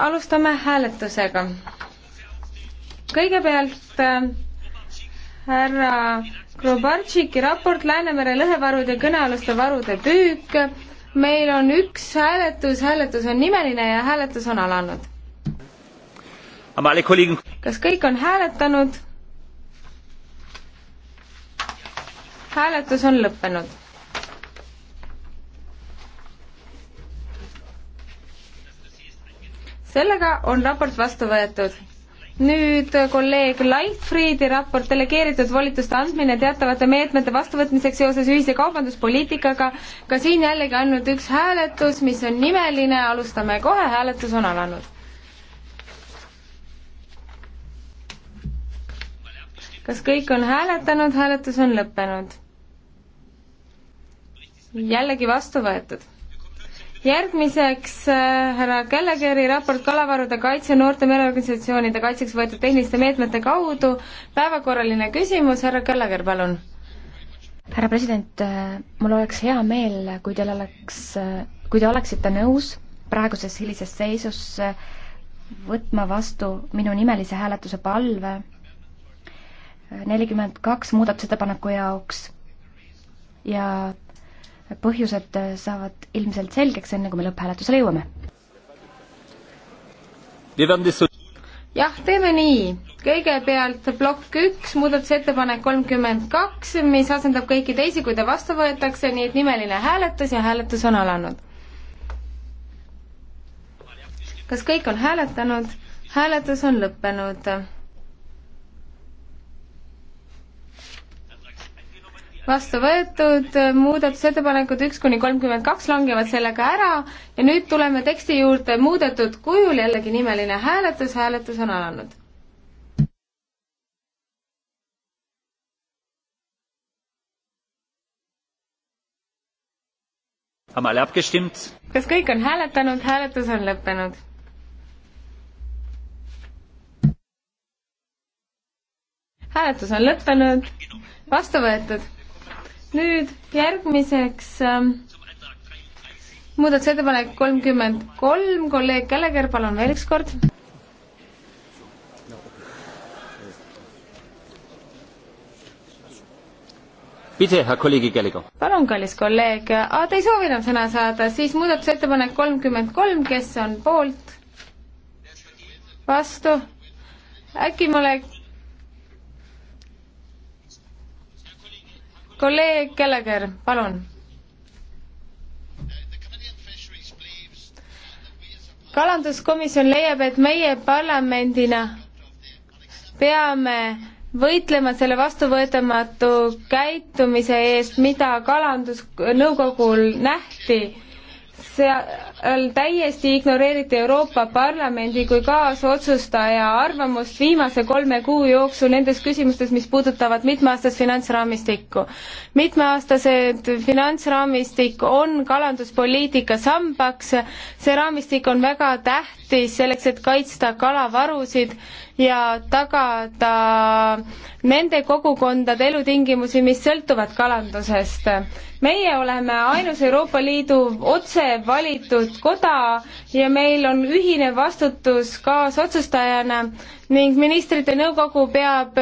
alustame hääletusega. kõigepealt äh, härra Grobartšiki raport Läänemere lõhevarud ja kõnealuste varude püük. meil on üks hääletus, hääletus on nimeline ja hääletus on alanud. kas kõik on hääletanud? hääletus on lõppenud sellega on raport vastu võetud. nüüd äh, kolleeg Leitfriedi raport delegeeritud volituste andmine teatavate meetmete vastuvõtmiseks seoses ühise kaubanduspoliitikaga. ka siin jällegi ainult üks hääletus, mis on nimeline, alustame kohe, hääletus on alanud. kas kõik on hääletanud, hääletus on lõppenud. jällegi vastu võetud järgmiseks äh, härra Kellegeri raport kalavarude kaitse noorte mereorganisatsioonide kaitseks võetud tehniliste meetmete kaudu. päevakorraline küsimus, härra Kelleger, palun. härra president, äh, mul oleks hea meel, kui teil oleks, äh, kui te oleksite nõus praeguses hilises seisus võtma vastu minu nimelise hääletuse palve nelikümmend kaks muudatusettepaneku jaoks ja põhjused saavad ilmselt selgeks, enne kui me lõpphääletusele jõuame. jah, teeme nii. kõigepealt plokk üks, muudatusettepanek kolmkümmend kaks, mis asendab kõiki teisi, kui ta vastu võetakse, nii et nimeline hääletus ja hääletus on alanud. kas kõik on hääletanud? hääletus on lõppenud vastu võetud, muudatusettepanekud üks kuni kolmkümmend kaks langevad sellega ära ja nüüd tuleme teksti juurde muudetud kujul, jällegi nimeline hääletus, hääletus on alanud. kas kõik on hääletanud, hääletus on lõppenud hääletus on lõppenud, vastu võetud nüüd järgmiseks ähm, muudatusettepanek kolmkümmend kolm, kolleeg Källeker, palun veel üks kord. palun, kallis kolleeg, te ei soovi enam sõna saada, siis muudatusettepanek kolmkümmend kolm, kes on poolt? vastu? äkki ma oleks kolleeg Kelleger, palun. kalanduskomisjon leiab, et meie parlamendina peame võitlema selle vastuvõetamatu käitumise eest, mida kalandusnõukogul nähti. see täiesti ignoreeriti Euroopa Parlamendi kui kaasotsustaja arvamust viimase kolme kuu jooksul nendes küsimustes, mis puudutavad mitmeaastast finantsraamistikku. mitmeaastased finantsraamistik on kalanduspoliitika sambaks, see raamistik on väga tähtis selleks, et kaitsta kalavarusid ja tagada nende kogukondade elutingimusi, mis sõltuvad kalandusest. meie oleme ainus Euroopa Liidu otse valitud koda ja meil on ühine vastutus kaasotsustajana ning ministrite nõukogu peab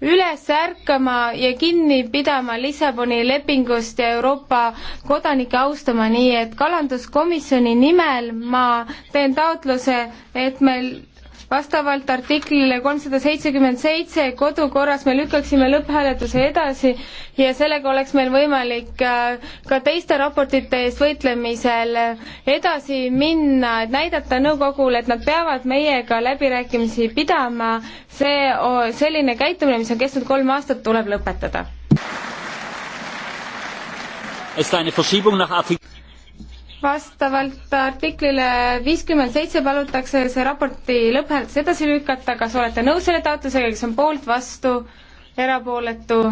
üles ärkama ja kinni pidama Lissaboni lepingust ja Euroopa kodanikke austama, nii et kalanduskomisjoni nimel ma teen taotluse, et meil vastavalt artiklile kolmsada seitsekümmend seitse kodukorras me lükkaksime lõpphääletuse edasi ja sellega oleks meil võimalik äh, ka teiste raportite eest võitlemisel edasi minna, et näidata nõukogule, et nad peavad meiega läbirääkimisi pidama. see, selline käitumine, mis on kestnud kolm aastat, tuleb lõpetada. Ist eine Verschiebung nach Artikel vastavalt artiklile viiskümmend seitse palutakse see raporti lõpphääletus edasi lükata, kas olete nõus selle taotlusega, kes on poolt, vastu, erapooletu?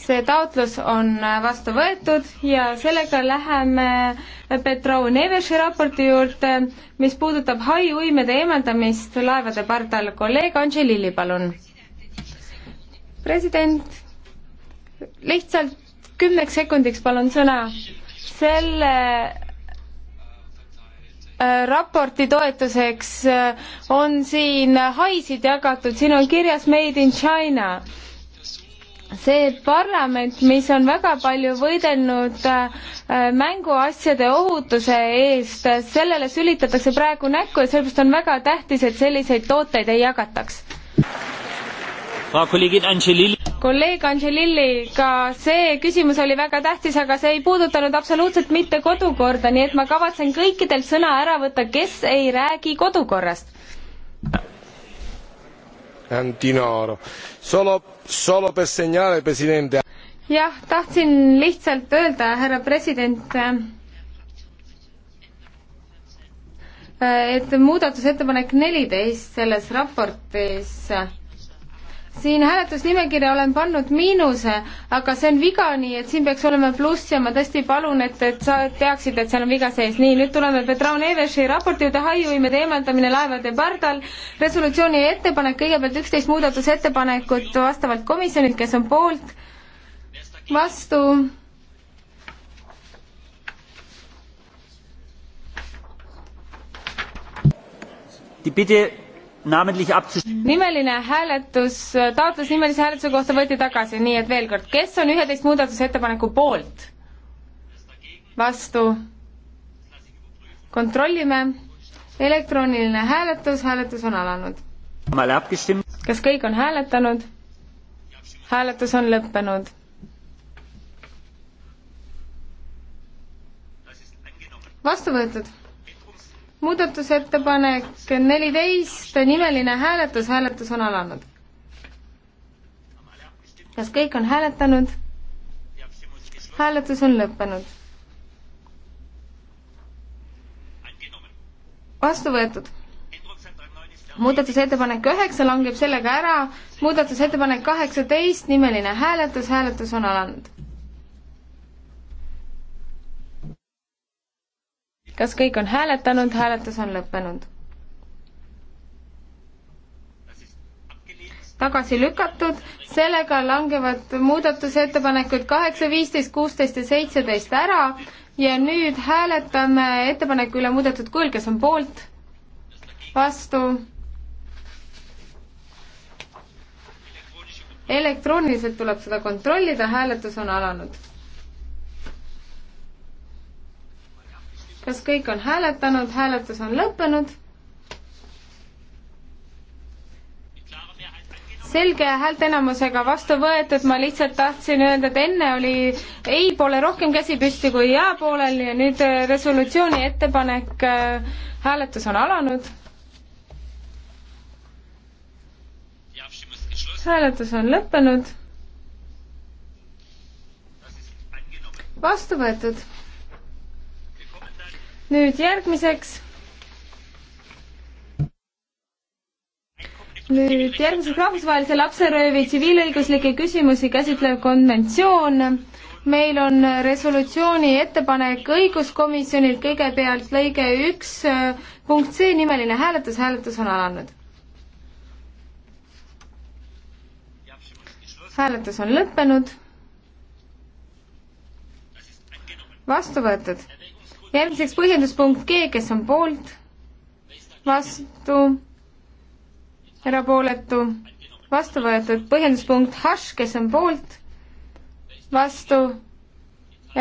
see taotlus on vastu võetud ja sellega läheme Petrov Nevesi raporti juurde, mis puudutab hai uimede eemaldamist laevade pardal. kolleeg Anželili, palun. president, lihtsalt kümneks sekundiks palun sõna selle äh, raporti toetuseks äh, on siin haisid jagatud, siin on kirjas Made in China. see parlament, mis on väga palju võidelnud äh, mänguasjade ohutuse eest, sellele sülitatakse praegu näkku ja sellepärast on väga tähtis, et selliseid tooteid ei jagataks kolleeg Angelilli, ka see küsimus oli väga tähtis, aga see ei puudutanud absoluutselt mitte kodukorda, nii et ma kavatsen kõikidelt sõna ära võtta, kes ei räägi kodukorrast. jah, tahtsin lihtsalt öelda, härra president, et muudatusettepanek neliteist selles raportis siin hääletusnimekirja olen pannud miinuse, aga see on viga, nii et siin peaks olema pluss ja ma tõesti palun, et, et sa teaksid, et seal on viga sees. nii, nüüd tuleme Petraun Eversi raporti juurde, haiuimede eemaldamine laevade pardal. resolutsiooni ettepanek, kõigepealt üksteist muudatusettepanekut vastavalt komisjonilt, kes on poolt, vastu. Die Bitte nimeline hääletus, taotlus nimelise hääletuse kohta võeti tagasi, nii et veel kord, kes on üheteist muudatusettepaneku poolt? vastu? kontrollime. elektrooniline hääletus, hääletus on alanud. kas kõik on hääletanud? hääletus on lõppenud. vastu võetud muudatusettepanek neliteist, nimeline hääletus, hääletus on alanud. kas kõik on hääletanud? hääletus on lõppenud. vastu võetud. muudatusettepanek üheksa langeb sellega ära, muudatusettepanek kaheksateist, nimeline hääletus, hääletus on alanud kas kõik on hääletanud, hääletus on lõppenud. tagasi lükatud, sellega langevad muudatusettepanekud kaheksa, viisteist, kuusteist ja seitseteist ära ja nüüd hääletame ettepaneku üle muudetud kujul, kes on poolt, vastu elektrooniliselt tuleb seda kontrollida, hääletus on alanud kõik on hääletanud, hääletus on lõppenud. selge häälteenamusega vastu võetud, ma lihtsalt tahtsin öelda, et enne oli ei poole rohkem käsi püsti kui jaa poolel ja nüüd äh, resolutsiooni ettepanek, äh, hääletus on alanud. hääletus on lõppenud. vastu võetud nüüd järgmiseks. nüüd järgmiseks rahvusvahelise lapseröövi tsiviilõiguslikke küsimusi käsitlev konventsioon. meil on resolutsiooni ettepanek õiguskomisjonilt, kõigepealt lõige üks äh, punkt C nimeline hääletus, hääletus on alanud. hääletus on lõppenud. vastu võetud järgmiseks põhjenduspunkt G, kes on poolt, vastu, erapooletu, vastu võetud. põhjenduspunkt H, kes on poolt, vastu,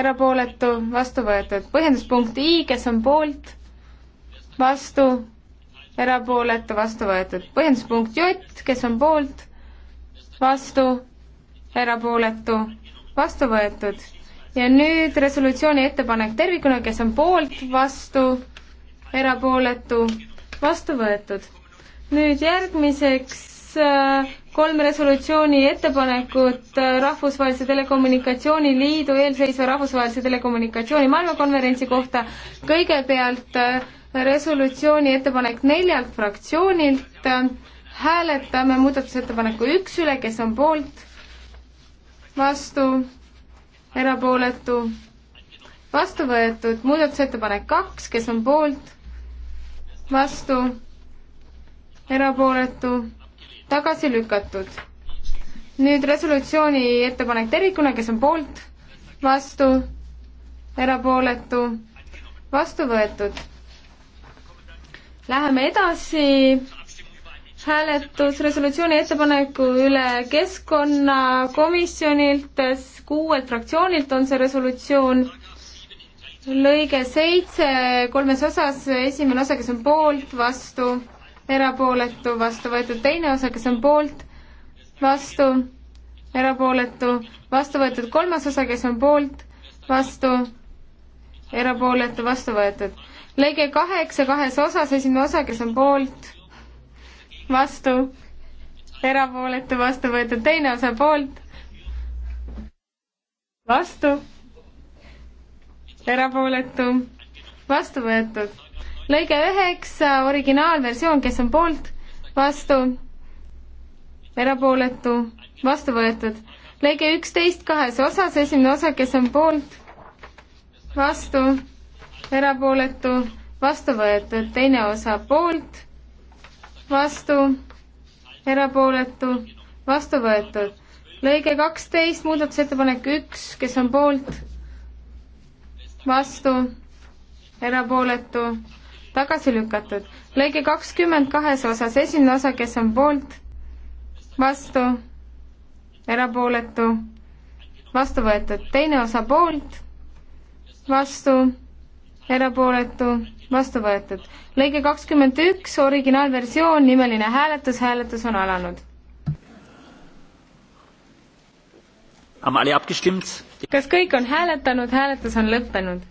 erapooletu, vastu võetud. põhjenduspunkt I, kes on poolt, vastu, erapooletu, vastu võetud. põhjenduspunkt J, kes on poolt, vastu, erapooletu, vastu võetud ja nüüd resolutsiooni ettepanek tervikuna, kes on poolt, vastu, erapooletu, vastu võetud. nüüd järgmiseks äh, kolm resolutsiooni ettepanekut äh, Rahvusvahelise Telekommunikatsiooni Liidu eelseisva Rahvusvahelise Telekommunikatsiooni maailmakonverentsi kohta. kõigepealt äh, resolutsiooni ettepanek neljalt fraktsioonilt. hääletame muudatusettepaneku üks üle, kes on poolt, vastu erapooletu, vastu võetud, muudatusettepanek kaks, kes on poolt, vastu, erapooletu, tagasi lükatud. nüüd resolutsiooni ettepanek tervikuna, kes on poolt, vastu, erapooletu, vastu võetud. Läheme edasi hääletus resolutsiooni ettepaneku üle keskkonnakomisjonilt, kuuelt fraktsioonilt on see resolutsioon, lõige seitse kolmes osas, esimene osa, kes on poolt, vastu, erapooletu, vastu võetud, teine osa, kes on poolt, vastu, erapooletu, vastu võetud, kolmas osa, kes on poolt, vastu, erapooletu, vastu võetud. lõige kaheksa kahes osas, esimene osa, kes on poolt, vastu, erapooletu, vastu võetud, teine osa poolt, vastu, erapooletu, vastu võetud. lõige üheksa, originaalversioon, kes on poolt, vastu, erapooletu, vastu võetud. lõige üksteist kahes osas, esimene osa, kes on poolt, vastu, erapooletu, vastu võetud, teine osa poolt vastu, erapooletu, vastu võetud. lõige kaksteist, muudatusettepanek üks, kes on poolt, vastu, erapooletu, tagasi lükatud. lõige kakskümmend kahes osas, esimene osa, kes on poolt, vastu, erapooletu, vastu võetud. teine osa poolt, vastu, erapooletu vastu võetud. lõige kakskümmend üks, originaalversioon, nimeline hääletus, hääletus on alanud. kas kõik on hääletanud, hääletus on lõppenud?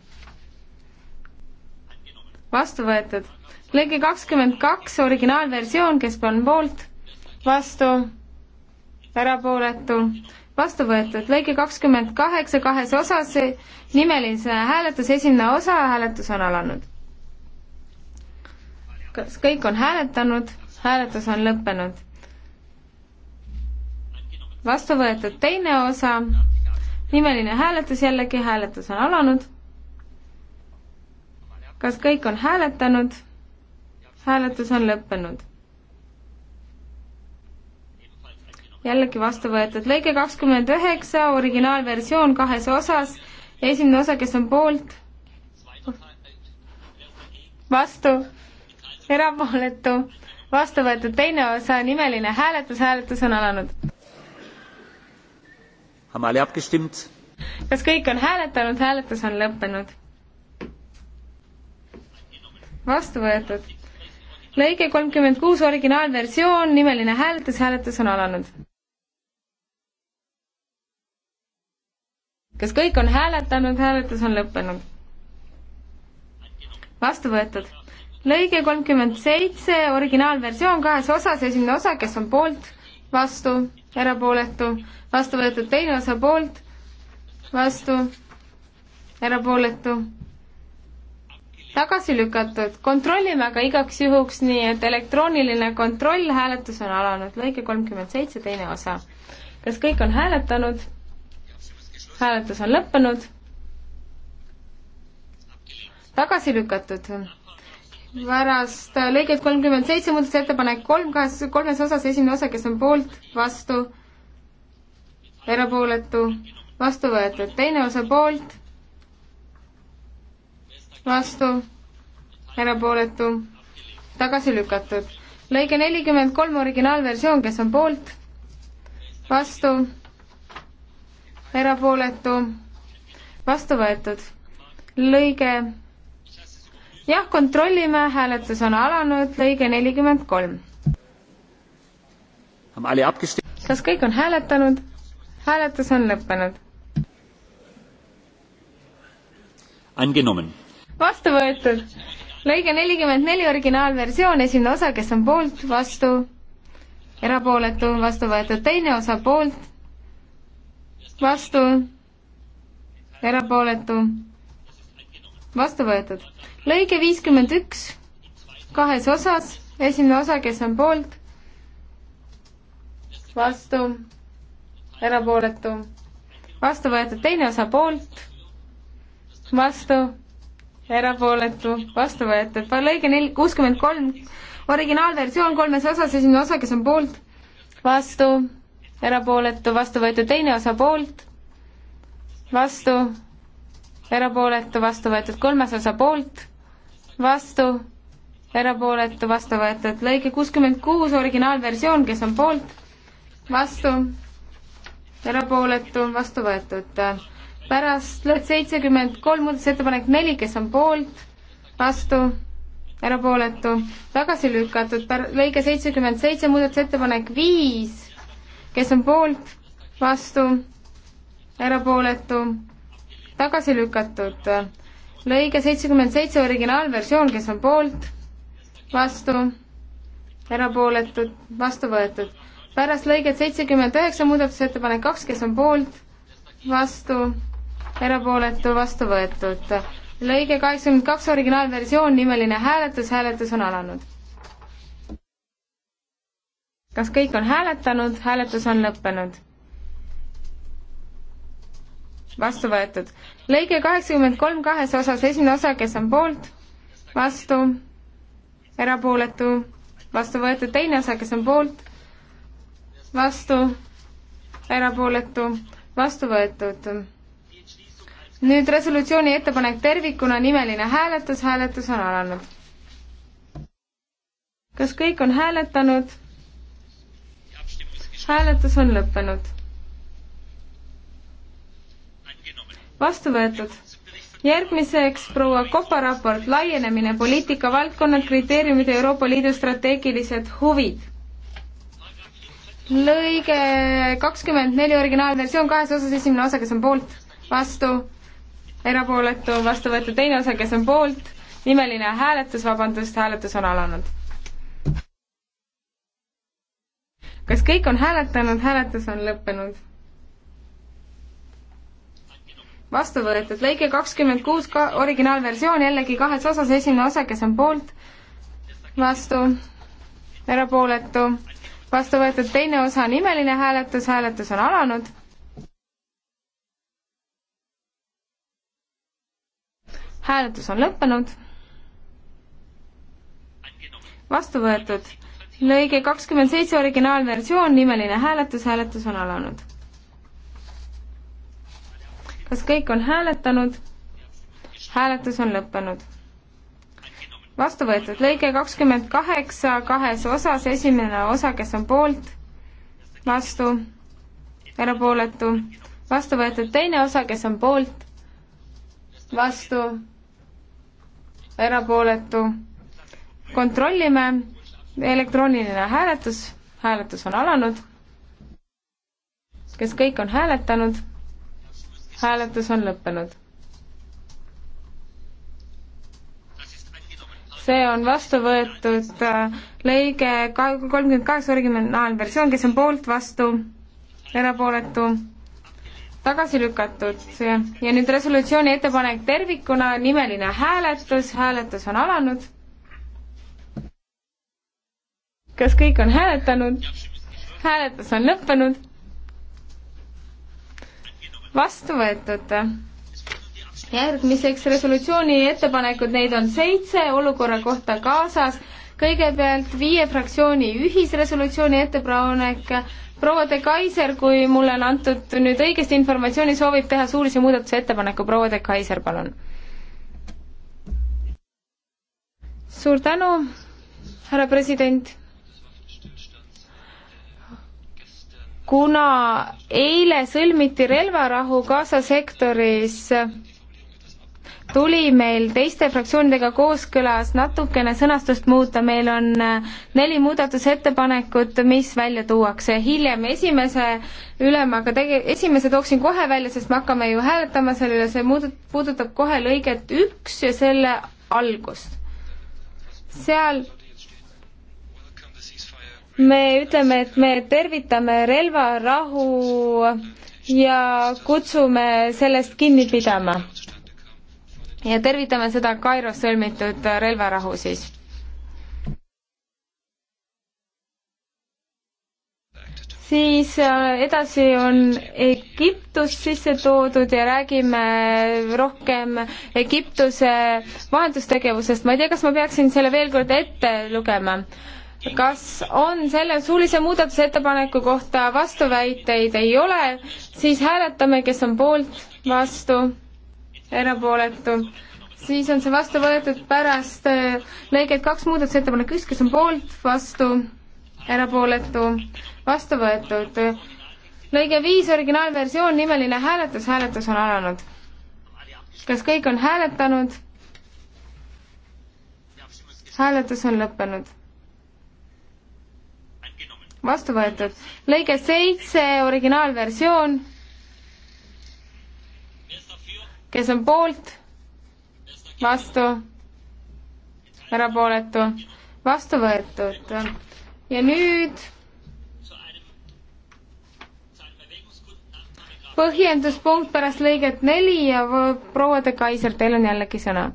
vastu võetud. lõige kakskümmend kaks, originaalversioon, kes on poolt, vastu, erapooletu, vastu võetud. lõige kakskümmend kaheksa, kahes osas, nimelise hääletus, esimene osa, hääletus on alanud kas kõik on hääletanud? hääletus on lõppenud. vastu võetud teine osa, nimeline hääletus jällegi, hääletus on alanud. kas kõik on hääletanud? hääletus on lõppenud. jällegi vastu võetud lõige kakskümmend üheksa, originaalversioon kahes osas ja esimene osa, kes on poolt, vastu erapooletu, vastu võetud teine osa, nimeline hääletus, hääletus on alanud. kas kõik on hääletanud, hääletus on lõppenud? vastu võetud. lõige kolmkümmend kuus, originaalversioon, nimeline hääletus, hääletus on alanud. kas kõik on hääletanud, hääletus on lõppenud? vastu võetud lõige kolmkümmend seitse, originaalversioon kahes osas, esimene osa, kes on poolt, vastu, erapooletu, vastu võetud teine osa poolt, vastu, erapooletu, tagasi lükatud. kontrollime aga igaks juhuks nii, et elektrooniline kontroll, hääletus on alanud, lõige kolmkümmend seitse, teine osa. kas kõik on hääletanud? hääletus on lõppenud. tagasi lükatud pärast äh, lõiget kolmkümmend seitse muudatusettepanek kolm, kas kolmes osas esimene osa, kes on poolt, vastu, erapooletu, vastu võetud, teine osa poolt, vastu, erapooletu, tagasi lükatud. lõige nelikümmend kolm originaalversioon, kes on poolt, vastu, erapooletu, vastu võetud. lõige jah, kontrollime, hääletus on alanud, lõige nelikümmend kolm. kas kõik on hääletanud? hääletus on lõppenud. vastu võetud. lõige nelikümmend neli, originaalversioon, esimene osa, kes on poolt, vastu, erapooletu, vastu võetud, teine osa poolt, vastu, erapooletu, vastu võetud lõige viiskümmend üks kahes osas, esimene osa, kes on poolt, vastu, erapooletu, vastu võetud teine osa poolt, vastu, erapooletu, vastu võetud, lõige nel-, kuuskümmend kolm, originaalversioon kolmes osas, esimene osa, kes on poolt, vastu, erapooletu, vastu võetud teine osa poolt, vastu, erapooletu, vastu võetud kolmas osa poolt vastu, erapooletu, vastu võetud. lõige kuuskümmend kuus, originaalversioon, kes on poolt, vastu, erapooletu, vastu võetud. pärast lõhet seitsekümmend kolm, muudatusettepanek neli, kes on poolt, vastu, erapooletu, tagasi lükatud. lõige seitsekümmend seitse, muudatusettepanek viis, kes on poolt, vastu, erapooletu, tagasi lükatud lõige seitsekümmend seitse originaalversioon, kes on poolt, vastu, erapooletud, vastu võetud. pärast lõiget seitsekümmend üheksa muudatusettepanek kaks, kes on poolt, vastu, erapooletu, vastu võetud. lõige kaheksakümmend kaks originaalversioon, nimeline hääletus, hääletus on alanud. kas kõik on hääletanud, hääletus on lõppenud vastu võetud. lõige kaheksakümmend kolm kahes osas, esimene osa, kes on poolt, vastu, erapooletu, vastu võetud, teine osa, kes on poolt, vastu, erapooletu, vastu võetud. nüüd resolutsiooni ettepanek tervikuna, nimeline hääletus, hääletus on alanud. kas kõik on hääletanud? hääletus on lõppenud vastu võetud. järgmiseks proua Kopa raport, laienemine, poliitikavaldkonnad, kriteeriumid ja Euroopa Liidu strateegilised huvid. lõige kakskümmend neli originaalversioon kahes osas, esimene osa, kes on poolt, vastu, erapooletu, vastu võetud, teine osa, kes on poolt, nimeline hääletus, vabandust, hääletus on alanud. kas kõik on hääletanud, hääletus on lõppenud vastu võetud, lõige kakskümmend kuus ka originaalversioon jällegi kahes osas, esimene osa, kes on poolt, vastu, erapooletu, vastu võetud teine osa, nimeline hääletus, hääletus on alanud. hääletus on lõppenud. vastu võetud lõige kakskümmend seitse originaalversioon, nimeline hääletus, hääletus on alanud kas kõik on hääletanud? hääletus on lõppenud. vastu võetud lõige kakskümmend kaheksa kahes osas, esimene osa, kes on poolt, vastu, erapooletu, vastu võetud teine osa, kes on poolt, vastu, erapooletu. kontrollime, elektrooniline hääletus, hääletus on alanud. kas kõik on hääletanud? hääletus on lõppenud. see on vastu võetud äh, lõige kolmkümmend kaheksa originaalversioon, kes on poolt, vastu, erapooletu, tagasi lükatud ja nüüd resolutsiooni ettepanek tervikuna, nimeline hääletus, hääletus on alanud. kas kõik on hääletanud? hääletus on lõppenud vastu võetud. järgmiseks resolutsiooni ettepanekud, neid on seitse olukorra kohta Gazas. kõigepealt viie fraktsiooni ühisresolutsiooni ettepanek. proua de Kaiser, kui mulle on antud nüüd õigesti informatsiooni, soovib teha suulise muudatuse ettepaneku. proua de Kaiser, palun. suur tänu, härra president kuna eile sõlmiti relvarahu Gaza sektoris, tuli meil teiste fraktsioonidega kooskõlas natukene sõnastust muuta, meil on äh, neli muudatusettepanekut, mis välja tuuakse hiljem esimese ülema, aga tege-, esimese tooksin kohe välja, sest me hakkame ju hääletama selle üle, see muud-, puudutab kohe lõiget üks ja selle algust. seal me ütleme, et me tervitame relvarahu ja kutsume sellest kinni pidama. ja tervitame seda Kairos sõlmitud relvarahu siis. siis äh, edasi on Egiptus sisse toodud ja räägime rohkem Egiptuse vahendustegevusest, ma ei tea, kas ma peaksin selle veel kord ette lugema kas on selle suulise muudatusettepaneku kohta vastuväiteid? ei ole, siis hääletame, kes on poolt, vastu, erapooletu. siis on see vastu võetud pärast eh, lõiget kaks muudatusettepanek üks, kes on poolt, vastu, erapooletu, vastu võetud. lõige viis, originaalversioon, nimeline hääletus, hääletus on alanud. kas kõik on hääletanud? hääletus on lõppenud vastu võetud. lõige seitse, originaalversioon. kes on poolt? vastu? erapooletu? vastu võetud. ja nüüd põhjenduspunkt pärast lõiget neli ja proua de Kaiser, teil on jällegi sõna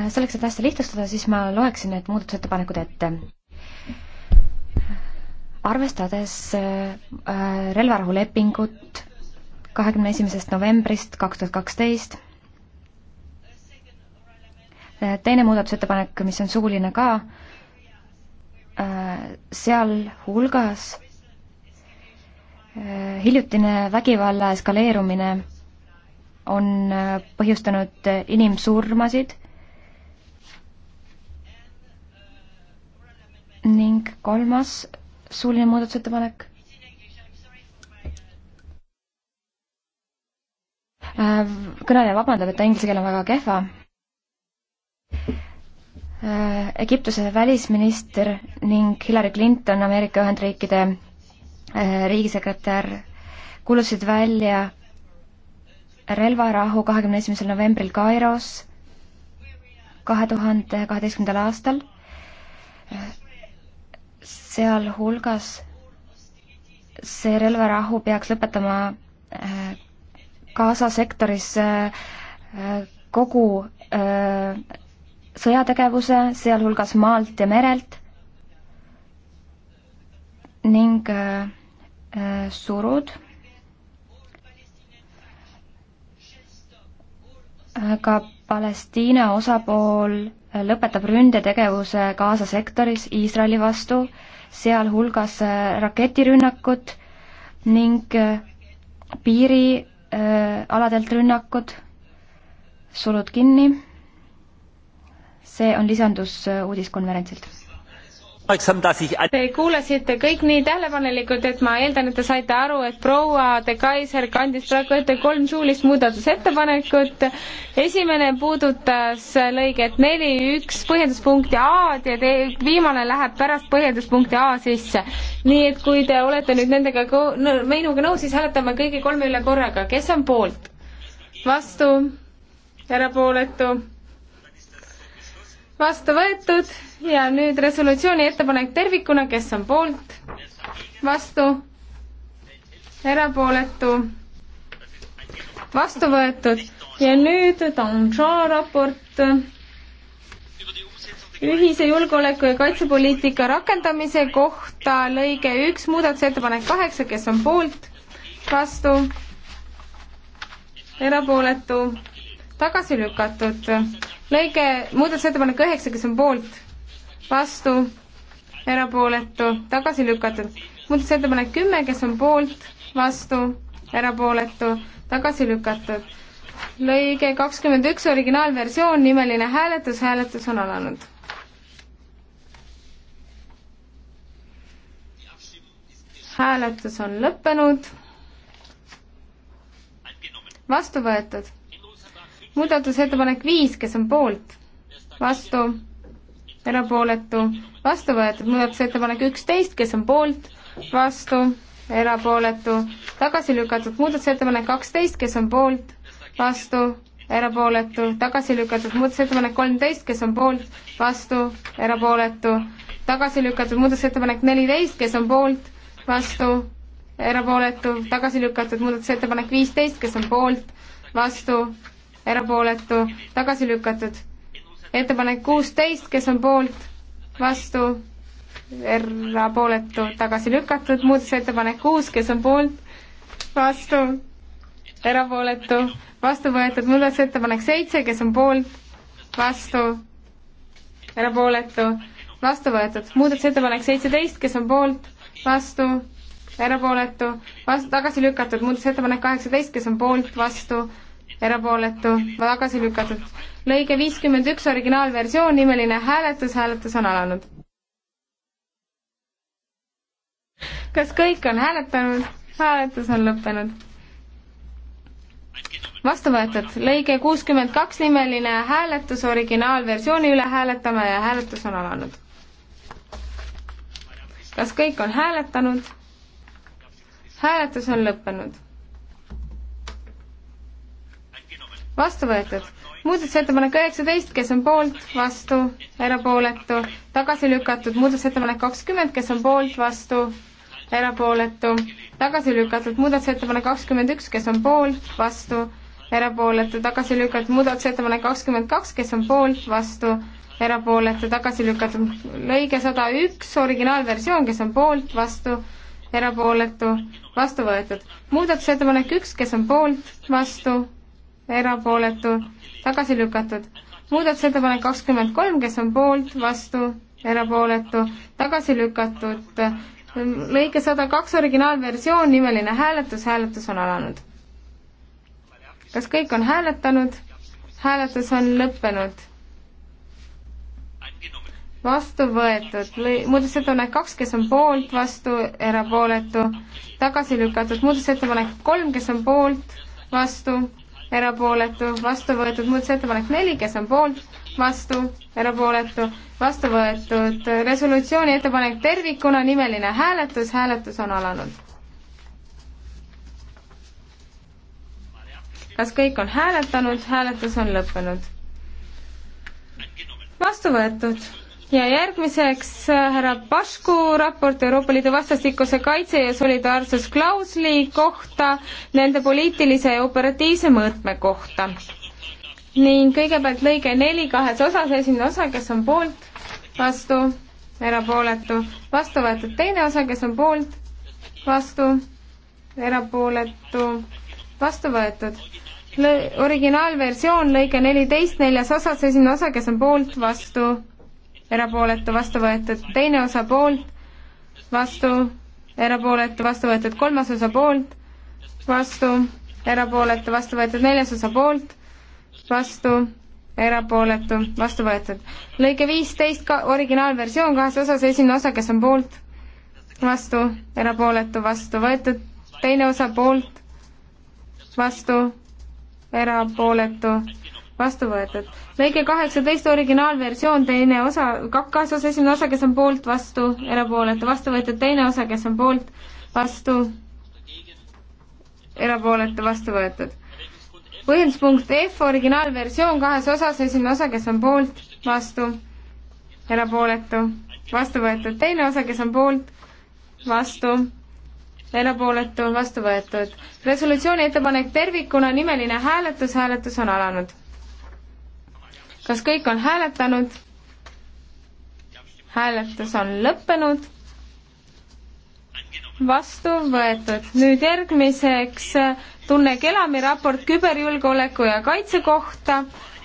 Äh, selleks, et asja lihtsustada, siis ma loeksin need muudatusettepanekud ette. arvestades äh, äh, relvarahulepingut kahekümne esimesest novembrist kaks tuhat kaksteist, teine muudatusettepanek, mis on suuline ka, sealhulgas hiljutine vägivalla eskaleerumine on põhjustanud inimsurmasid ning kolmas suuline muudatusettepanek. Äh, kõneleja vabandab, et ta inglise keel on väga kehva. Äh, Egiptuse välisminister ning Hillary Clinton, Ameerika Ühendriikide äh, riigisekretär, kuulutasid välja relvarahu kahekümne esimesel novembril Kairos kahe tuhande kaheteistkümnendal aastal sealhulgas see relvarahu peaks lõpetama äh, Gaza sektoris äh, äh, kogu sõjategevuse, sealhulgas maalt ja merelt ning surud ka Palestiina osapool lõpetab ründetegevuse Gaza sektoris Iisraeli vastu, sealhulgas äh, raketirünnakud ning äh, piirialadelt äh, rünnakud, sulud kinni. see on lisandus uudiskonverentsilt Te kuulasite kõik nii tähelepanelikult, et ma eeldan, et te saite aru, et proua de Kaiser kandis praegu ette kolm suulist muudatusettepanekut. esimene puudutas lõiget neli, üks põhjenduspunkti A-d ja te, viimane läheb pärast põhjenduspunkti A sisse. nii et kui te olete nüüd nendega ko-, no, meinuga nõus, siis hääletame kõigi kolme üle korraga. kes on poolt? vastu? erapooletu? vastu võetud ja nüüd resolutsiooni ettepanek tervikuna, kes on poolt, vastu, erapooletu, vastu võetud ja nüüd Donjon raport ühise julgeoleku ja kaitsepoliitika rakendamise kohta lõige üks, muudatusettepanek kaheksa, kes on poolt, vastu, erapooletu, tagasi lükatud. lõige, muudatusettepanek üheksa, kes on poolt, vastu, erapooletu, tagasi lükatud. muudatusettepanek kümme, kes on poolt, vastu, erapooletu, tagasi lükatud. lõige kakskümmend üks, originaalversioon, nimeline hääletus, hääletus on alanud. hääletus on lõppenud. vastu võetud. muudatusettepanek viis, kes on poolt, vastu erapooletu, vastu võetud muudatusettepanek üksteist, kes on poolt, vastu, erapooletu, tagasi lükatud muudatusettepanek kaksteist, kes on poolt, vastu, erapooletu, tagasi lükatud muudatusettepanek kolmteist, kes on poolt, vastu, erapooletu, tagasi lükatud muudatusettepanek neliteist, kes on poolt, vastu, erapooletu, tagasi lükatud muudatusettepanek viisteist, kes on poolt, vastu, erapooletu, tagasi lükatud ettepanek kuusteist, kes on poolt, vastu, erapooletu, tagasi lükatud, muudatusettepanek kuus, kes on poolt, vastu, erapooletu, vastu võetud, muudatusettepanek seitse, kes on poolt, vastu, erapooletu, vastu võetud, muudatusettepanek seitseteist, kes on poolt, vastu, erapooletu, vastu, tagasi lükatud, muudatusettepanek kaheksateist, kes on poolt, vastu, erapooletu, tagasi lükatud lõige viiskümmend üks originaalversioon, nimeline hääletus, hääletus on alanud. kas kõik on hääletanud? hääletus on lõppenud. vastu võetud, lõige kuuskümmend kaks, nimeline hääletus originaalversiooni üle hääletame ja hääletus on alanud. kas kõik on hääletanud? hääletus on lõppenud. vastu võetud muudatusettepanek üheksateist, kes on poolt, vastu, erapooletu, tagasi lükatud, muudatusettepanek kakskümmend, kes on poolt, vastu, erapooletu, tagasi lükatud, muudatusettepanek kakskümmend üks, kes on poolt, vastu, erapooletu, tagasi lükatud, muudatusettepanek kakskümmend kaks, kes on poolt, vastu, erapooletu, tagasi lükatud, lõige sada üks, originaalversioon, kes on poolt, vastu, erapooletu, vastu võetud. muudatusettepanek üks, kes on poolt, vastu, erapooletu, tagasi lükatud. muudatusettepanek kakskümmend kolm, kes on poolt, vastu, erapooletu, tagasi lükatud. lõike sada kaks originaalversioon, nimeline hääletus, hääletus on alanud. kas kõik on hääletanud? hääletus on lõppenud. vastu võetud, muudatusettepanek kaks, kes on poolt, vastu, erapooletu, tagasi lükatud, muudatusettepanek kolm, kes on poolt, vastu, erapooletu, vastu võetud muudatusettepanek neli, kes on poolt, vastu, erapooletu, vastu võetud resolutsiooni ettepanek tervikuna, nimeline hääletus, hääletus on alanud. kas kõik on hääletanud, hääletus on lõppenud? vastu võetud ja järgmiseks äh, härra Pašku raport Euroopa Liidu vastastikuse kaitse ja solidaarsusklausli kohta, nende poliitilise ja operatiivse mõõtme kohta. ning kõigepealt lõige neli kahes osas, esimene osa, kes on poolt, vastu, erapooletu, vastu võetud teine osa, kes on poolt, vastu, erapooletu, vastu võetud Lõ. originaalversioon, lõige neliteist, neljas osas, esimene osa, kes on poolt, vastu, erapooletu, vastu võetud teine osa poolt, vastu, erapooletu, vastu võetud kolmas osa poolt, vastu, erapooletu, vastu võetud neljas osa poolt, vastu, erapooletu, vastu võetud. lõige viisteist ka originaalversioon kahes osas, esimene osa, kes on poolt, vastu, erapooletu, vastu võetud, teine osa poolt, vastu, erapooletu, vastu võetud. lõige kaheksateist originaalversioon, teine osa, kaasas esimene osa, kes on poolt, vastu, erapooletu, vastu võetud, teine osa, kes on poolt, vastu, erapooletu, vastu võetud. põhjenduspunkt F, originaalversioon kahes osas, esimene osa, kes on poolt, vastu, erapooletu, vastu võetud, teine osa, kes on poolt, vastu, erapooletu, vastu võetud. resolutsiooni ettepanek tervikuna, nimeline hääletus, hääletus on alanud kas kõik on hääletanud? hääletus on lõppenud. vastu võetud. nüüd järgmiseks Tunne Kelami raport küberjulgeoleku ja kaitse kohta.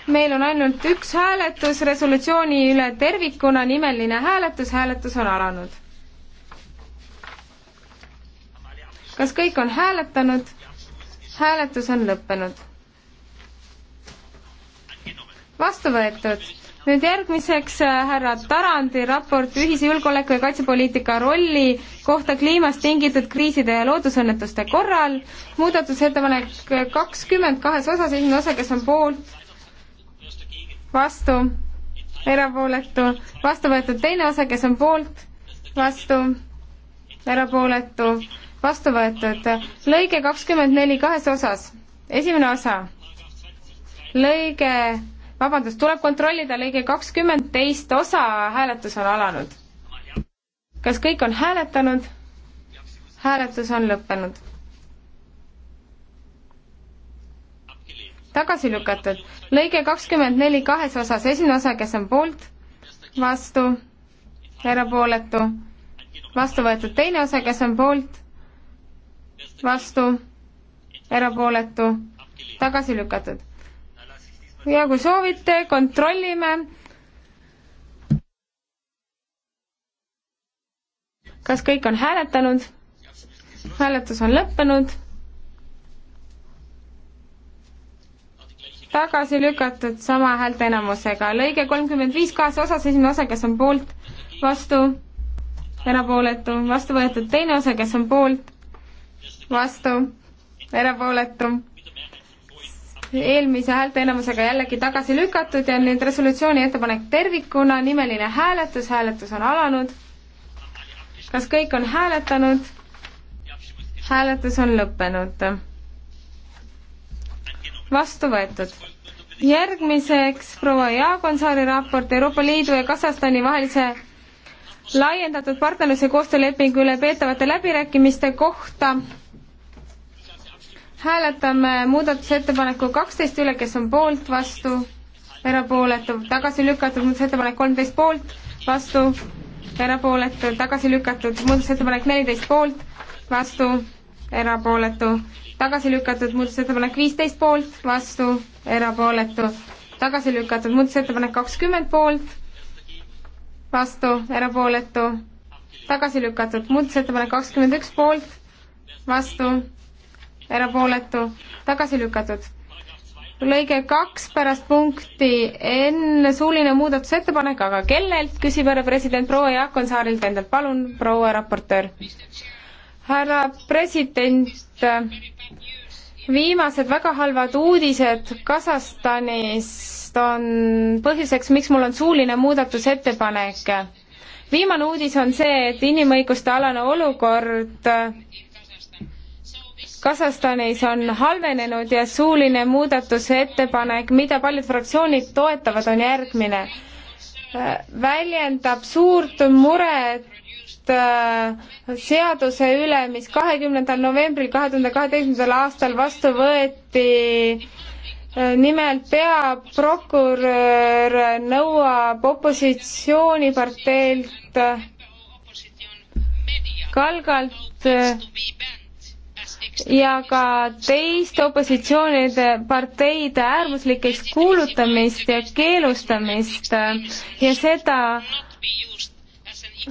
meil on ainult üks hääletus resolutsiooni üle tervikuna, nimeline hääletus, hääletus on alanud. kas kõik on hääletanud? hääletus on lõppenud vastu võetud. nüüd järgmiseks äh, härra Tarandi raport ühise julgeoleku ja kaitsepoliitika rolli kohta kliimast tingitud kriiside ja loodusõnnetuste korral. muudatusettepanek kakskümmend kahes osas, esimene osa, kes on poolt, vastu, erapooletu, vastu võetud teine osa, kes on poolt, vastu, erapooletu, vastu võetud. lõige kakskümmend neli kahes osas, esimene osa, lõige vabandust, tuleb kontrollida lõige kakskümmend teist osa, hääletus on alanud. kas kõik on hääletanud? hääletus on lõppenud. tagasi lükatud. lõige kakskümmend neli kahes osas, esimene osa, kes on poolt, vastu, erapooletu, vastu võetud teine osa, kes on poolt, vastu, erapooletu, tagasi lükatud ja kui soovite, kontrollime. kas kõik on hääletanud? hääletus on lõppenud. tagasi lükatud sama häälteenamusega. lõige kolmkümmend viis kaasosas, esimene osa, kes on poolt, vastu, erapooletu, vastu võetud teine osa, kes on poolt, vastu, erapooletu eelmise häälteenamusega jällegi tagasi lükatud ja nüüd resolutsiooni ettepanek tervikuna, nimeline hääletus, hääletus on alanud. kas kõik on hääletanud? hääletus on lõppenud. vastu võetud järgmiseks proua Jaagonsaari raport Euroopa Liidu ja Kasahstani vahelise laiendatud partnerluse koostöölepingu üle peetavate läbirääkimiste kohta hääletame muudatusettepaneku kaksteist üle, kes on poolt, vastu, erapooletu, tagasi lükatud, muudatusettepanek kolmteist poolt, vastu, erapooletu, tagasi lükatud, muudatusettepanek neliteist poolt, vastu, erapooletu, tagasi lükatud, muudatusettepanek viisteist poolt, vastu, erapooletu, tagasi lükatud, muudatusettepanek kakskümmend poolt, vastu, erapooletu, tagasi lükatud, muudatusettepanek kakskümmend üks poolt, vastu, erapooletu, tagasi lükatud. lõige kaks pärast punkti N suuline muudatusettepanek, aga kellelt, küsib härra president proua Jaakon Saarilt endalt, palun, proua raportöör. härra president, viimased väga halvad uudised Kasahstanist on põhjuseks, miks mul on suuline muudatusettepanek. viimane uudis on see, et inimõiguste alane olukord Kasahstanis on halvenenud ja suuline muudatusettepanek, mida paljud fraktsioonid toetavad, on järgmine. väljendab suurt muret äh, seaduse üle, mis kahekümnendal novembril kahe tuhande kaheteistkümnendal aastal vastu võeti äh, nimelt peaprokurör nõuab opositsiooniparteilt äh, kalgalt ja ka teiste opositsioonide parteide äärmuslikeks kuulutamist ja keelustamist ja seda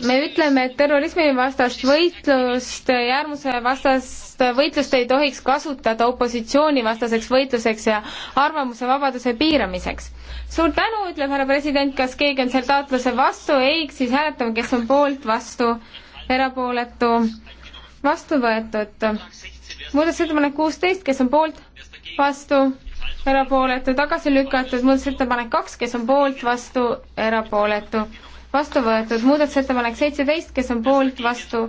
me ütleme, et terrorismivastast võitlust ja äärmusevastast võitlust ei tohiks kasutada opositsioonivastaseks võitluseks ja arvamusevabaduse piiramiseks. suur tänu, ütleb härra president, kas keegi on selle taotluse vastu, ei, siis hääletame, kes on poolt, vastu, erapooletu, vastu võetud muudatusettepanek kuusteist, kes on poolt, vastu, erapooletu, tagasi lükatud, muudatusettepanek kaks, kes on poolt, vastu, erapooletu, vastu võetud, muudatusettepanek seitseteist, kes on poolt, vastu,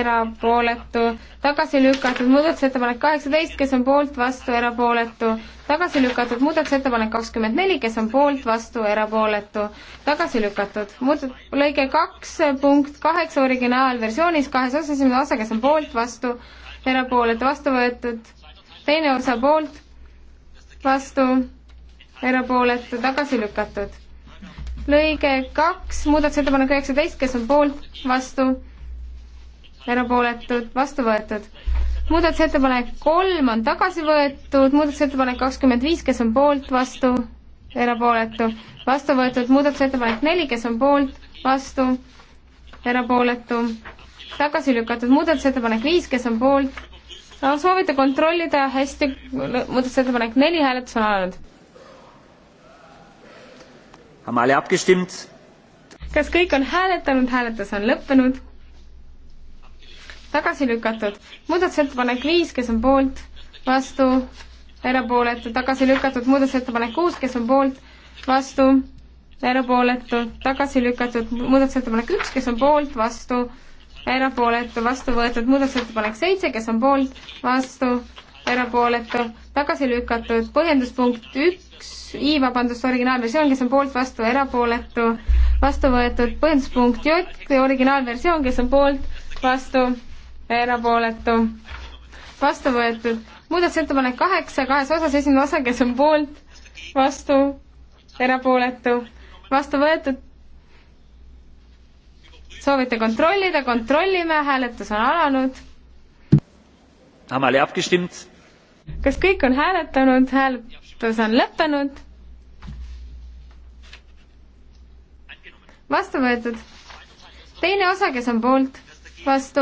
erapooletu, tagasi lükatud, muudatusettepanek kaheksateist, kes on poolt, vastu, erapooletu, tagasi lükatud, muudatusettepanek kakskümmend neli, kes on poolt, vastu, erapooletu, tagasi lükatud, muud-, lõige kaks punkt kaheksa originaalversioonis kahes osas, esimene osa, kes on poolt, vastu, erapooletu vastu võetud, teine osa poolt, vastu, erapooletu tagasi lükatud. lõige kaks, muudatusettepanek üheksateist, kes on poolt, vastu, erapooletud, vastu võetud. muudatusettepanek kolm on tagasi võetud, muudatusettepanek kakskümmend viis, kes on poolt, vastu, erapooletu, vastu võetud muudatusettepanek neli, kes on poolt, vastu, erapooletu, tagasi lükatud muudatusettepanek viis, kes on poolt, soovite kontrollida, hästi, muudatusettepanek neli, hääletus on alanud. kas kõik on hääletanud, hääletus on lõppenud? tagasi lükatud. muudatusettepanek viis, kes on poolt, vastu, erapooletu, tagasi lükatud. muudatusettepanek kuus, kes on poolt, vastu, erapooletu, tagasi lükatud. muudatusettepanek üks, kes on poolt, vastu, erapooletu, vastu võetud muudatusettepanek seitse, kes on poolt, vastu, erapooletu, tagasi lükatud, põhjenduspunkt üks, I, vabandust, originaalversioon, kes on poolt, vastu, erapooletu, vastu võetud, põhjenduspunkt J, originaalversioon, kes on poolt, vastu, erapooletu, vastu võetud, muudatusettepanek kaheksa, kahes osas, esimene osa, kes on poolt, vastu, erapooletu, vastu võetud, soovite kontrollida, kontrollime, hääletus on alanud. kas kõik on hääletanud, hääletus on lõppenud? vastu võetud. teine osa, kes on poolt, vastu,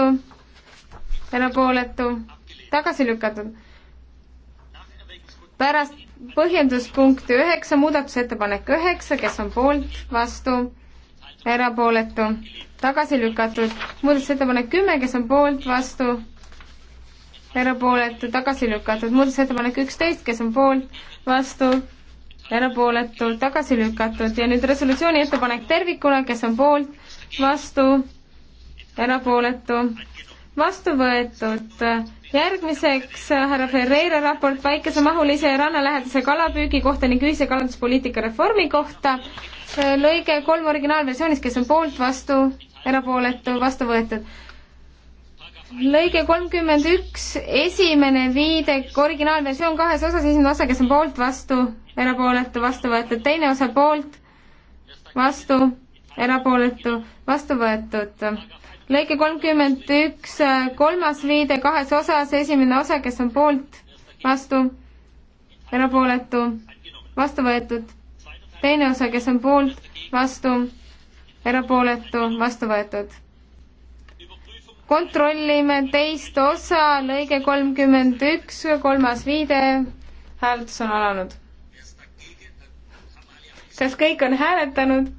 erapooletu, tagasi lükatud. pärast põhjenduspunkti üheksa, muudatusettepanek üheksa, kes on poolt, vastu erapooletu, tagasi lükatud. muudatusettepanek kümme, kes on poolt, vastu, erapooletu, tagasi lükatud. muudatusettepanek üksteist, kes on poolt, vastu, erapooletu, tagasi lükatud. ja nüüd resolutsiooni ettepanek tervikuna, kes on poolt, vastu, erapooletu, vastu võetud. järgmiseks härra Ferreira raport väikesemahulise ja rannalähedase kalapüügi kohta ning ühise kalanduspoliitika reformi kohta lõige kolm originaalversioonis, kes on poolt, vastu, erapooletu, vastu võetud. lõige kolmkümmend üks, esimene viide, originaalversioon kahes osas, esimene osa, kes on poolt, vastu, erapooletu, vastu võetud, teine osa poolt, vastu, erapooletu, vastu võetud. lõike kolmkümmend üks, kolmas viide kahes osas, esimene osa, kes on poolt, vastu, erapooletu, vastu võetud teine osa, kes on poolt, vastu, erapooletu, vastu võetud. kontrollime teist osa, lõige kolmkümmend üks, kolmas viide, hääletus on alanud. kas kõik on hääletanud?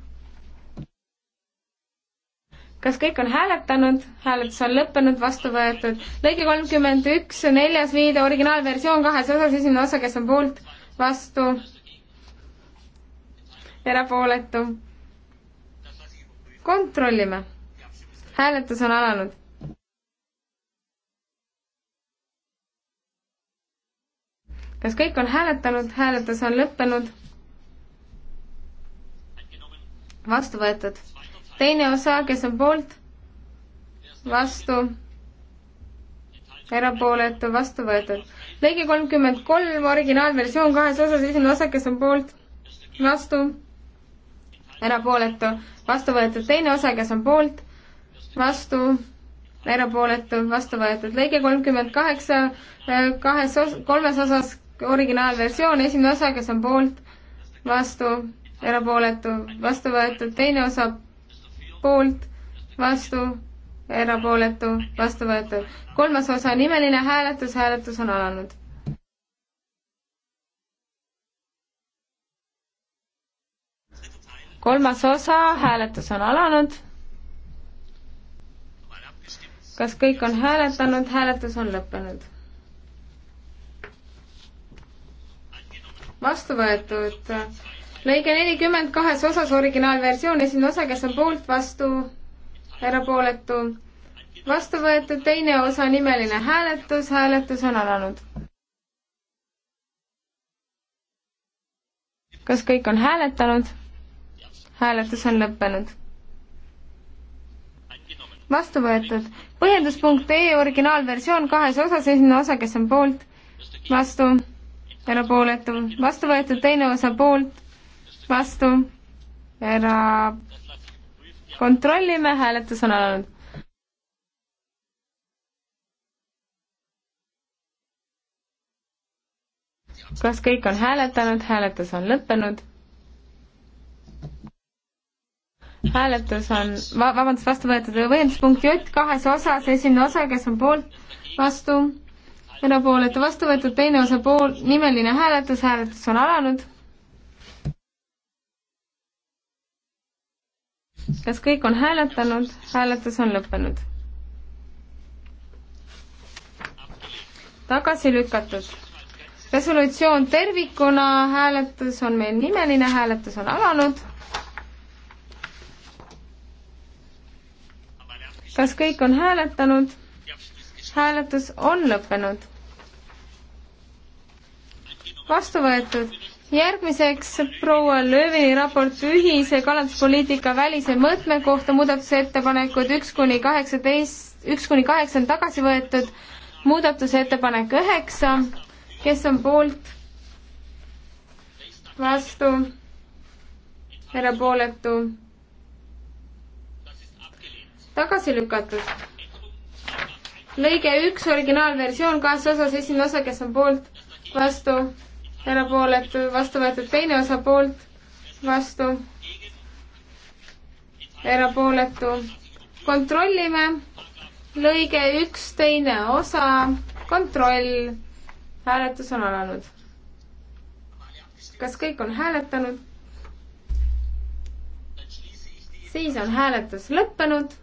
kas kõik on hääletanud, hääletus on lõppenud, vastu võetud. lõige kolmkümmend üks, neljas viide, originaalversioon kahes osas, esimene osa, kes on poolt, vastu, erapooletu. kontrollime. hääletus on alanud. kas kõik on hääletanud, hääletus on lõppenud? vastu võetud. teine osa, kes on poolt? vastu. erapooletu, vastu võetud. lõige kolmkümmend kolm, originaalversioon kahes osas, esimene osa, kes on poolt? vastu erapooletu, vastu võetud teine osa, kes on poolt, vastu, erapooletu, vastu võetud. lõige kolmkümmend kaheksa, äh, kahes os-, kolmes osas originaalversioon, esimene osa, kes on poolt, vastu, erapooletu, vastu võetud, teine osa poolt, vastu, erapooletu, vastu võetud. kolmas osa, nimeline hääletus, hääletus on alanud. kolmas osa, hääletus on alanud. kas kõik on hääletanud, hääletus on lõppenud? vastu võetud. lõige nelikümmend kahes osas originaalversioon, esimene osa, kes on poolt, vastu, erapooletu, vastu võetud, teine osa, nimeline hääletus, hääletus on alanud. kas kõik on hääletanud? hääletus on lõppenud. vastu võetud. põhjenduspunkt E originaalversioon kahes osas, esimene osa, kes on poolt, vastu, erapooletu, vastu võetud, teine osa poolt, vastu, era-, kontrollime, hääletus on alanud kas kõik on hääletanud, hääletus on lõppenud. hääletus on va, vabandust, vastu võetud võimenduspunkt J kahes osas, esimene osa, kes on poolt, vastu, erapooletu vastu võetud, teine osa pool, nimeline hääletus, hääletus on alanud. kas kõik on hääletanud, hääletus on lõppenud? tagasi lükatud. resolutsioon tervikuna, hääletus on meil nimeline, hääletus on alanud kas kõik on hääletanud? hääletus on lõppenud. vastu võetud. järgmiseks proua Löövini raport ühise kalanduspoliitika välise mõõtme kohta muudatusettepanekud üks kuni kaheksateist, üks kuni kaheksa on tagasi võetud, muudatusettepanek üheksa, kes on poolt? vastu, erapooletu tagasi lükatud. lõige üks, originaalversioon, kaasosas esimene osa, kes on poolt, vastu, erapooletu, vastu võetud teine osa poolt, vastu, erapooletu. kontrollime, lõige üks, teine osa, kontroll, hääletus on alanud kas kõik on hääletanud? siis on hääletus lõppenud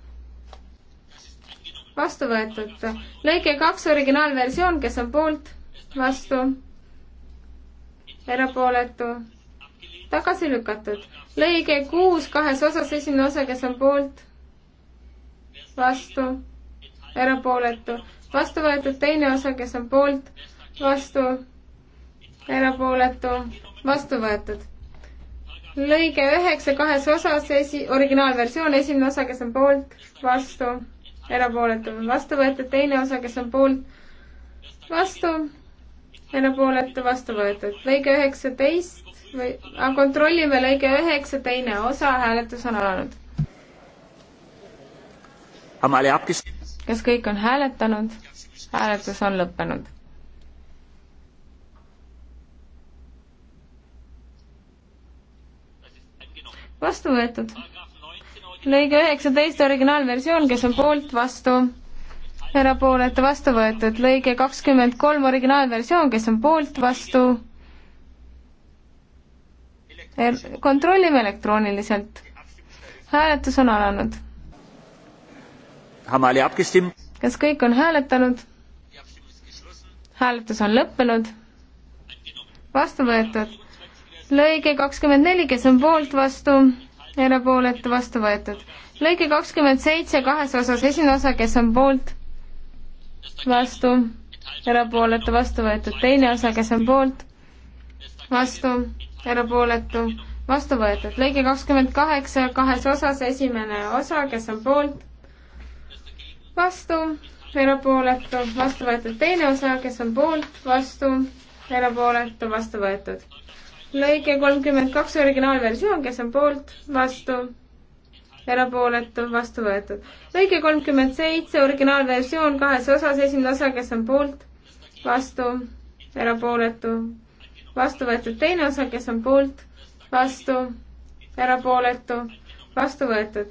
vastu võetud. lõige kaks originaalversioon, kes on poolt, vastu, erapooletu, tagasi lükatud. lõige kuus kahes osas, esimene osa, kes on poolt, vastu, erapooletu, vastu võetud teine osa, kes on poolt, vastu, erapooletu, vastu võetud. lõige üheksa kahes osas, esi-, originaalversioon, esimene osa, kes on poolt, vastu erapooletu, vastu võetud, teine osa, kes on poolt, vastu, erapooletu, vastu võetud, lõige üheksateist või, aga kontrollime lõige üheksa, teine osa, hääletus on alanud. kas kõik on hääletanud? hääletus on lõppenud. vastu võetud lõige üheksateist originaalversioon, kes on poolt, vastu, erapooletu, vastu võetud. lõige kakskümmend kolm originaalversioon, kes on poolt, vastu er,. kontrollime elektrooniliselt. hääletus on alanud. kas kõik on hääletanud? hääletus on lõppenud. vastu võetud. lõige kakskümmend neli, kes on poolt, vastu erapooletu vastu võetud. lõige kakskümmend seitse kahes osas, esimene osa, kes on poolt, vastu, erapooletu vastu võetud, teine osa, kes on poolt, vastu, erapooletu vastu võetud. lõige kakskümmend kaheksa kahes osas, esimene osa, kes on poolt, vastu, erapooletu, vastu võetud teine osa, kes on poolt, vastu, erapooletu, vastu võetud lõige kolmkümmend kaks originaalversioon, kes on poolt, vastu, erapooletu, vastu võetud. lõige kolmkümmend seitse originaalversioon kahes osas, esimene osa, kes on poolt, vastu, erapooletu, vastu võetud. teine osa, kes on poolt, vastu, erapooletu, vastu võetud.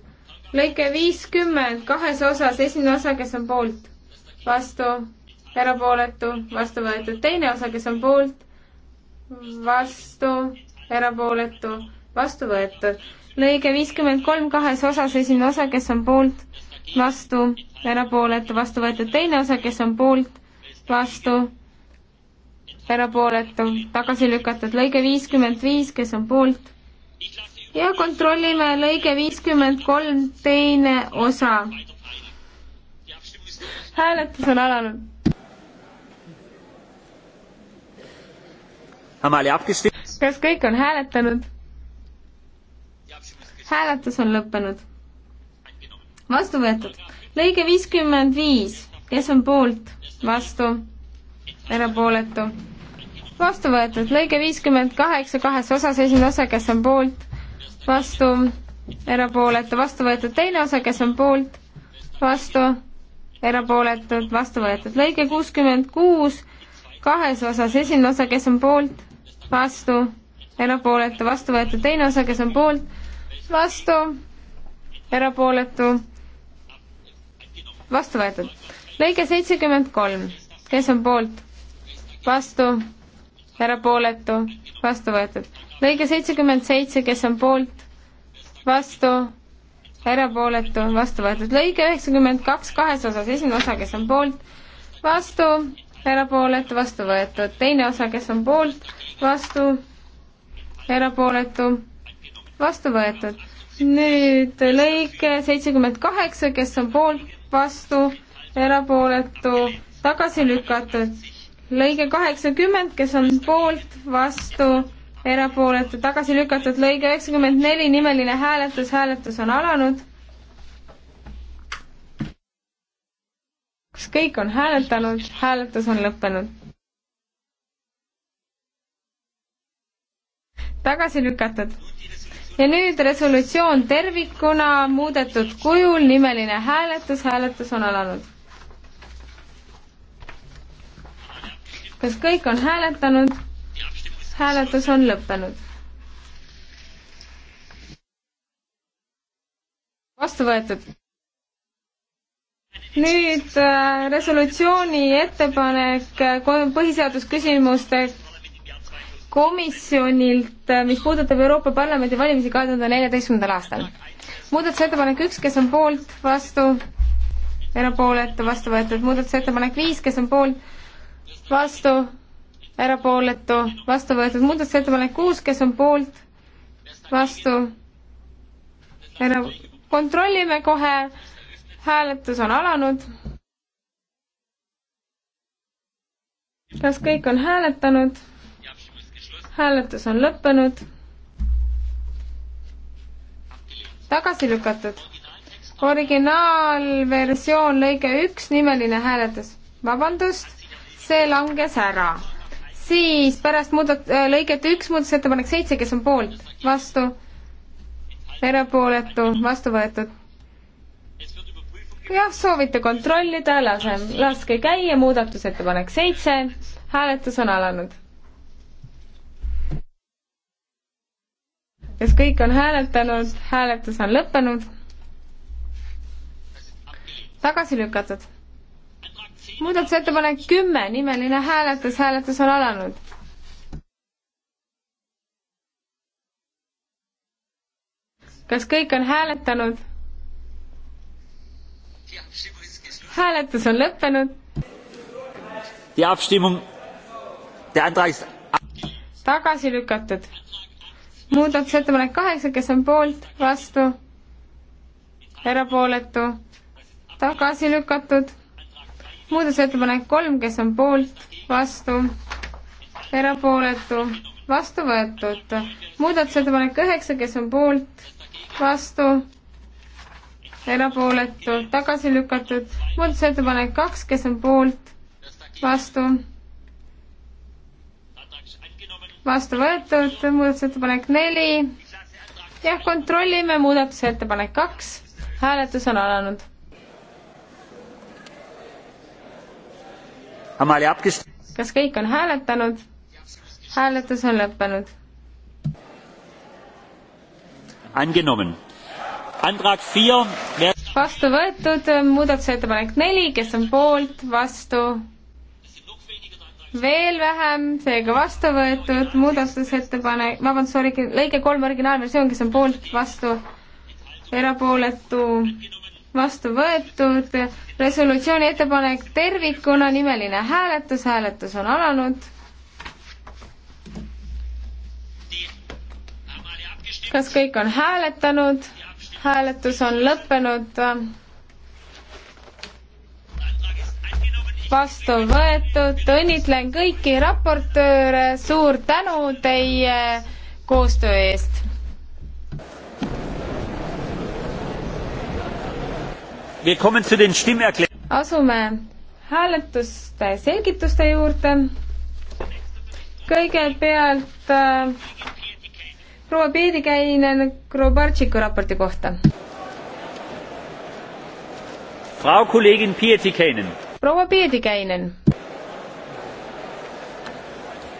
lõike viiskümmend kahes osas, esimene osa, kes on poolt, vastu, erapooletu, vastu võetud. teine osa, kes on poolt, vastu, erapooletu, vastu võetud. lõige viiskümmend kolm kahes osas, esimene osa, kes on poolt, vastu, erapooletu, vastu võetud, teine osa, kes on poolt, vastu, erapooletu, tagasi lükatud, lõige viiskümmend viis, kes on poolt ja kontrollime lõige viiskümmend kolm, teine osa. hääletus on alanud kas kõik on hääletanud? hääletus on lõppenud. vastu võetud. lõige viiskümmend viis, kes on poolt, vastu, erapooletu. vastu võetud. lõige viiskümmend kaheksa kahes osas, esimene osa, kes on poolt, vastu, erapooletu, vastu võetud. teine osa, kes on poolt, vastu, erapooletud, vastu võetud. lõige kuuskümmend kuus kahes osas, esimene osa, kes on poolt, vastu, erapooletu, vastu võetud teine osa, kes on poolt, vastu, erapooletu, vastu võetud. lõige seitsekümmend kolm, kes on poolt, vastu, erapooletu, vastu võetud. lõige seitsekümmend seitse, kes on poolt, vastu, erapooletu, vastu võetud. lõige üheksakümmend kaks kahes osas, esimene osa, kes on poolt, vastu, erapooletu, vastu võetud. teine osa, kes on poolt, vastu, erapooletu, vastu võetud. nüüd lõige seitsekümmend kaheksa, kes on poolt, vastu, erapooletu, tagasi lükatud. lõige kaheksakümmend, kes on poolt, vastu, erapooletu, tagasi lükatud. lõige üheksakümmend neli, nimeline hääletus, hääletus on alanud. kas kõik on hääletanud, hääletus on lõppenud tagasi lükatud. ja nüüd resolutsioon tervikuna muudetud kujul, nimeline hääletus, hääletus on alanud. kas kõik on hääletanud? hääletus on lõppenud. vastu võetud. nüüd äh, resolutsiooni ettepanek äh, põhiseadusküsimuste komisjonilt, äh, mis puudutab Euroopa Parlamendi valimisi kahe tuhande neljateistkümnendal aastal. muudatusettepanek üks, kes on poolt, vastu, erapooletu, vastu võetud. muudatusettepanek viis, kes on poolt, vastu, erapooletu, vastu võetud. muudatusettepanek kuus, kes on poolt, vastu, ära, kontrollime kohe, hääletus on alanud. kas kõik on hääletanud? hääletus on lõppenud. tagasi lükatud. originaalversioon lõige üks, nimeline hääletus. vabandust, see langes ära. siis pärast muudat-, äh, lõiget üks muudatusettepanek seitse, kes on poolt, vastu, erapooletu, vastu võetud jah, soovite kontrollida, lase, laske käia, muudatusettepanek seitse, hääletus on alanud kas kõik on hääletanud, hääletus on lõppenud? tagasi lükatud. muudatusettepanek kümme, nimeline hääletus, hääletus on alanud. kas kõik on hääletanud? hääletus on lõppenud. tagasi lükatud muudatusettepanek kaheksa, kes on poolt, vastu, erapooletu, tagasi lükatud. muudatusettepanek kolm, kes on poolt, vastu, erapooletu, vastu võetud. muudatusettepanek üheksa, kes on poolt, vastu, erapooletu, tagasi lükatud. muudatusettepanek kaks, kes on poolt, vastu vastu võetud, muudatusettepanek neli. jah, kontrollime muudatusettepanek kaks. hääletus on alanud. kas kõik on hääletanud? hääletus on lõppenud. vastu võetud muudatusettepanek neli, kes on poolt, vastu veel vähem, seega vastu võetud, muudatusettepanek, vabandust, sorry, lõige kolm originaalversioon, kes on poolt, vastu, erapooletu, vastu võetud, resolutsiooni ettepanek tervikuna, nimeline hääletus, hääletus on alanud. kas kõik on hääletanud? hääletus on lõppenud vastu võetud, õnnitlen kõiki raportööre, suur tänu teie koostöö eest! asume hääletuste selgituste juurde. kõigepealt äh, proua Peedikäinen Grobartšiku raporti kohta. Frau Kollegin Pietikäinen proua Peedikäinen.